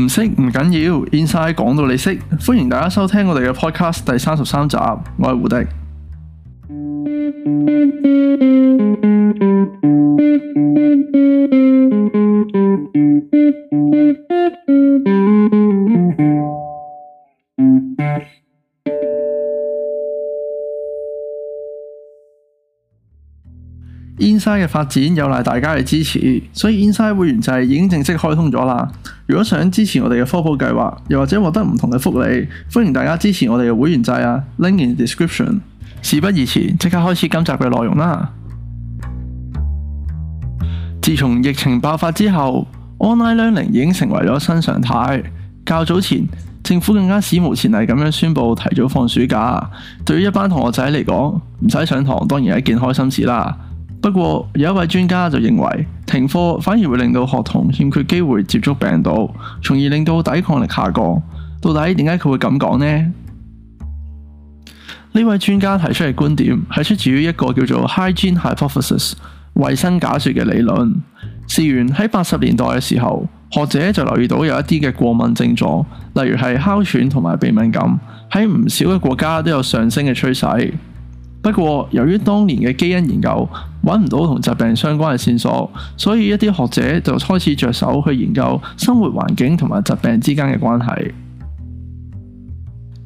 唔識唔緊要，Inside 講到你識。歡迎大家收聽我哋嘅 podcast 第三十三集，我係胡迪。Inside 嘅發展有賴大家嘅支持，所以 Inside 會員制已經正式開通咗啦。如果想支持我哋嘅科普計劃，又或者獲得唔同嘅福利，歡迎大家支持我哋嘅會員制啊！Link in description。事不宜遲，即刻開始今集嘅內容啦。自從疫情爆發之後，Online Learning 已經成為咗新常態。較早前政府更加史無前例咁樣宣布提早放暑假，對於一班同學仔嚟講，唔使上堂當然係一件開心事啦。不過有一位專家就認為，停課反而會令到學童欠缺機會接觸病毒，從而令到抵抗力下降。到底點解佢會咁講呢？呢位專家提出嘅觀點係出自於一個叫做 hygiene hypothesis 衛生假說嘅理論。事源喺八十年代嘅時候，學者就留意到有一啲嘅過敏症狀，例如係哮喘同埋鼻敏感，喺唔少嘅國家都有上升嘅趨勢。不過，由於當年嘅基因研究揾唔到同疾病相關嘅線索，所以一啲學者就開始着手去研究生活環境同埋疾病之間嘅關係。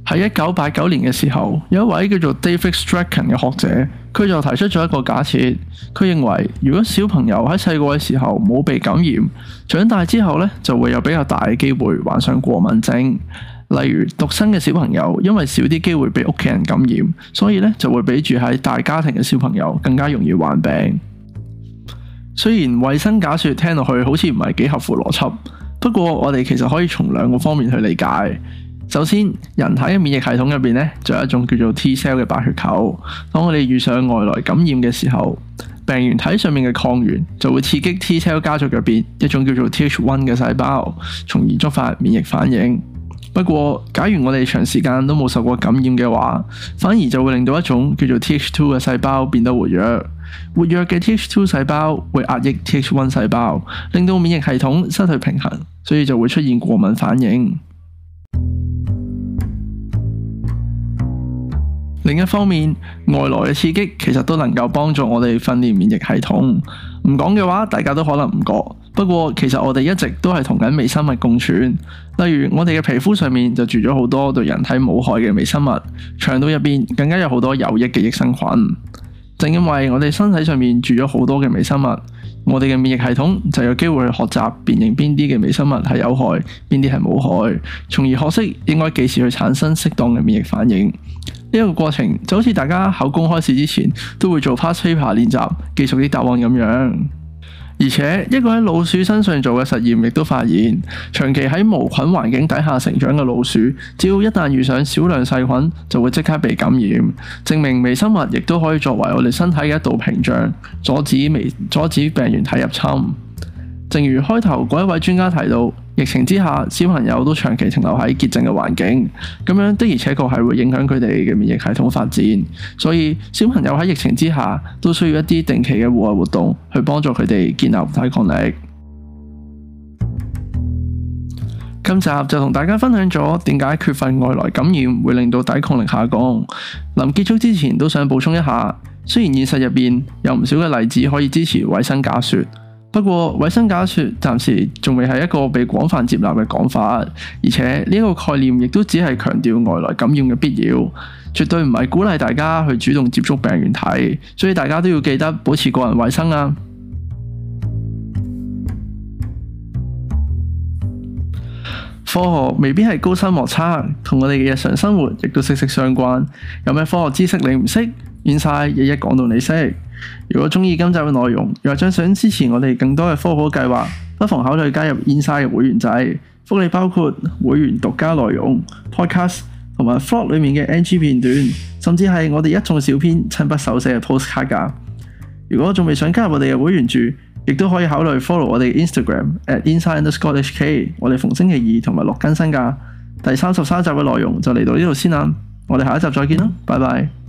喺一九八九年嘅時候，有一位叫做 David Strachan 嘅學者，佢就提出咗一個假設，佢認為如果小朋友喺細個嘅時候冇被感染，長大之後呢就會有比較大嘅機會患上過敏症。例如獨生嘅小朋友，因為少啲機會被屋企人感染，所以咧就會比住喺大家庭嘅小朋友更加容易患病。雖然衛生假說聽落去好似唔係幾合乎邏輯，不過我哋其實可以從兩個方面去理解。首先，人體嘅免疫系統入邊咧就有一種叫做 T cell 嘅白血球。當我哋遇上外來感染嘅時候，病原體上面嘅抗原就會刺激 T cell 家族入邊一種叫做 TH1 嘅細胞，從而觸發免疫反應。不過，假如我哋長時間都冇受過感染嘅話，反而就會令到一種叫做 TH2 嘅細胞變得活躍。活躍嘅 TH2 細胞會壓抑 TH1 細胞，令到免疫系統失去平衡，所以就會出現過敏反應。另一方面，外來嘅刺激其實都能夠幫助我哋訓練免疫系統。唔講嘅話，大家都可能唔覺。不過，其實我哋一直都係同緊微生物共存。例如，我哋嘅皮膚上面就住咗好多對人體冇害嘅微生物，腸道入邊更加有好多有益嘅益生菌。正因為我哋身體上面住咗好多嘅微生物。我哋嘅免疫系統就有機會去學習辨認邊啲嘅微生物係有害，邊啲係冇害，從而學識應該幾時去產生適當嘅免疫反應。呢個過程就好似大家考公開試之前都會做 past paper，練習記熟啲答案咁樣。而且，一個喺老鼠身上做嘅實驗，亦都發現，長期喺無菌環境底下成長嘅老鼠，只要一旦遇上少量細菌，就會即刻被感染。證明微生物亦都可以作為我哋身體嘅一道屏障，阻止微阻止病原體入侵。正如開頭嗰一位專家提到，疫情之下小朋友都長期停留喺潔淨嘅環境，咁樣的而且確係會影響佢哋嘅免疫系統發展。所以小朋友喺疫情之下都需要一啲定期嘅戶外活動，去幫助佢哋建立抵抗力。 今集就同大家分享咗點解缺乏外來感染會令到抵抗力下降。臨結束之前都想補充一下，雖然現實入面有唔少嘅例子可以支持衛生假說。不過，衛生假說暫時仲未係一個被廣泛接納嘅講法，而且呢個概念亦都只係強調外來感染嘅必要，絕對唔係鼓勵大家去主動接觸病原體，所以大家都要記得保持個人衛生啊！科學未必係高深莫測，同我哋嘅日常生活亦都息息相關。有咩科學知識你唔識，演晒，日日講到你識。如果中意今集嘅內容，又或者想支持我哋更多嘅科普計劃，不妨考慮加入 Inside 嘅會員制，福利包括會員獨家內容、podcast 同埋 Vlog 裏面嘅 NG 片段，甚至係我哋一眾小編親筆手寫嘅 postcard 㗎。如果仲未想加入我哋嘅會員住，亦都可以考慮 follow 我哋 Instagram at Inside Scottish K。我哋逢星期二同埋六更新噶。第三十三集嘅內容就嚟到呢度先啦，我哋下一集再見啦，拜拜。